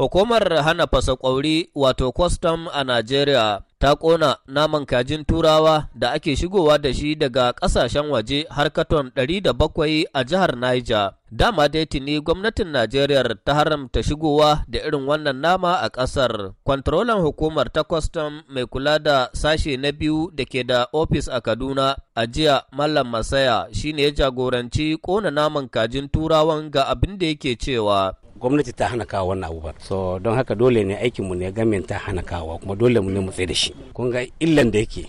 Hukumar hana fasa kwauri wato kwastam a Najeriya ta ƙona naman kajin turawa da ake shigowa da shi daga ƙasashen waje har katon 700 a jihar Niger. Dama dai tuni gwamnatin Najeriya ta haramta shigowa da irin wannan nama a ƙasar. Kwantarolan hukumar ta kwastam mai kula da sashe na biyu da ke da ofis a Kaduna a jiya Mallam Masaya shine ya jagoranci ƙona naman kajin turawan ga abin da yake cewa. gwamnati ta hana kawo wannan abubuwan so don haka dole ne aikin mu ne gamin ta hana kawo kuma dole mu ne mu tsaye da shi kun ga illan da yake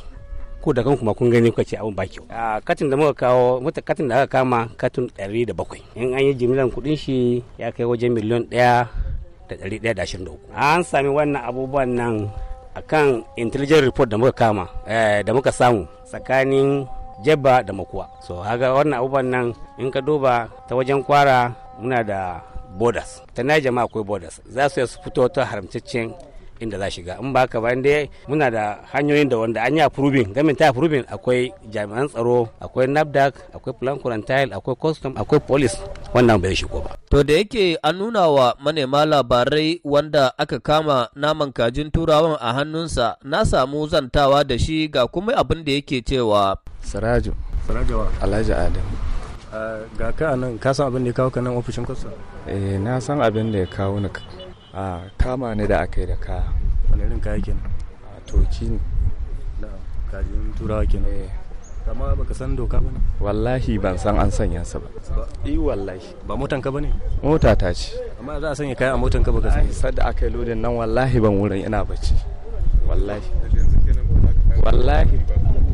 ko da kan kuma kun gani kuka ce abun ba a katin da muka kawo mata katin da aka kama katin 107 in an yi jimlan kudin shi ya kai wajen miliyan 1 da an sami wannan abubuwan nan akan intelligent report da muka kama eh, da muka samu tsakanin jebba da makuwa so haga wannan abubuwan nan in ka duba ta wajen kwara muna da borders ta na jama'a akwai borders za su su fito ta haramtaccen inda za shiga in ba ka ba inda muna da hanyoyin da wanda an yi approving gamin ta approving akwai jami'an tsaro akwai nafdac akwai plan quarantine akwai custom akwai police wannan bai shigo ba to da yake an nuna wa manema labarai wanda aka kama naman kajin turawan a hannunsa na samu zantawa da shi ga kuma abin da yake cewa sarajo sarajo alhaji adam ga ka nan ka san abin da ya kawo ka nan ofishin kwasa eh na san abin da ya kawo ni a kama ne da aka yi da kaya wani irin kaya kenan a toki ne da kajin turawa kenan eh ba ka san doka ba wallahi ban san an sanya sa ba i eh, wallahi ba motan ka bane mota ta ce amma za a sanya kaya a motan ka ba ka san sadda aka yi lodin nan wallahi ban wurin ina bacci wallahi wallahi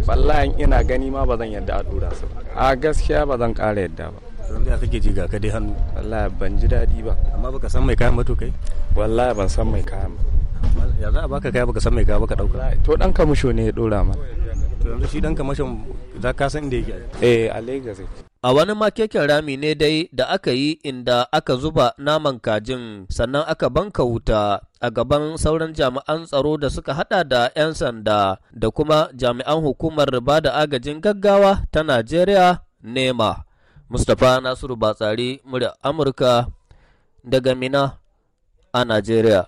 wallahi ina gani ma ba zan yadda a dora su a gaskiya ba zan ƙara yadda ba don da kake ji ga ka dai hannu wallahi ban ji daɗi ba amma baka san mai kayan ba to kai wallahi ban san mai kayan ba ya za a baka kaya baka san mai kaya baka dauka to dan musho ne ya dora ma to yanzu shi dan kamashin za ka san inda yake eh a Lagos A wani makekin rami ne dai da aka yi inda aka zuba naman kajin sannan aka banka wuta a gaban sauran jami'an tsaro da suka hada da 'yan sanda da kuma jami'an hukumar ba da agajin gaggawa ta Najeriya nema. Mustapha Nasiru Batsari, murya Amurka daga Mina a Najeriya.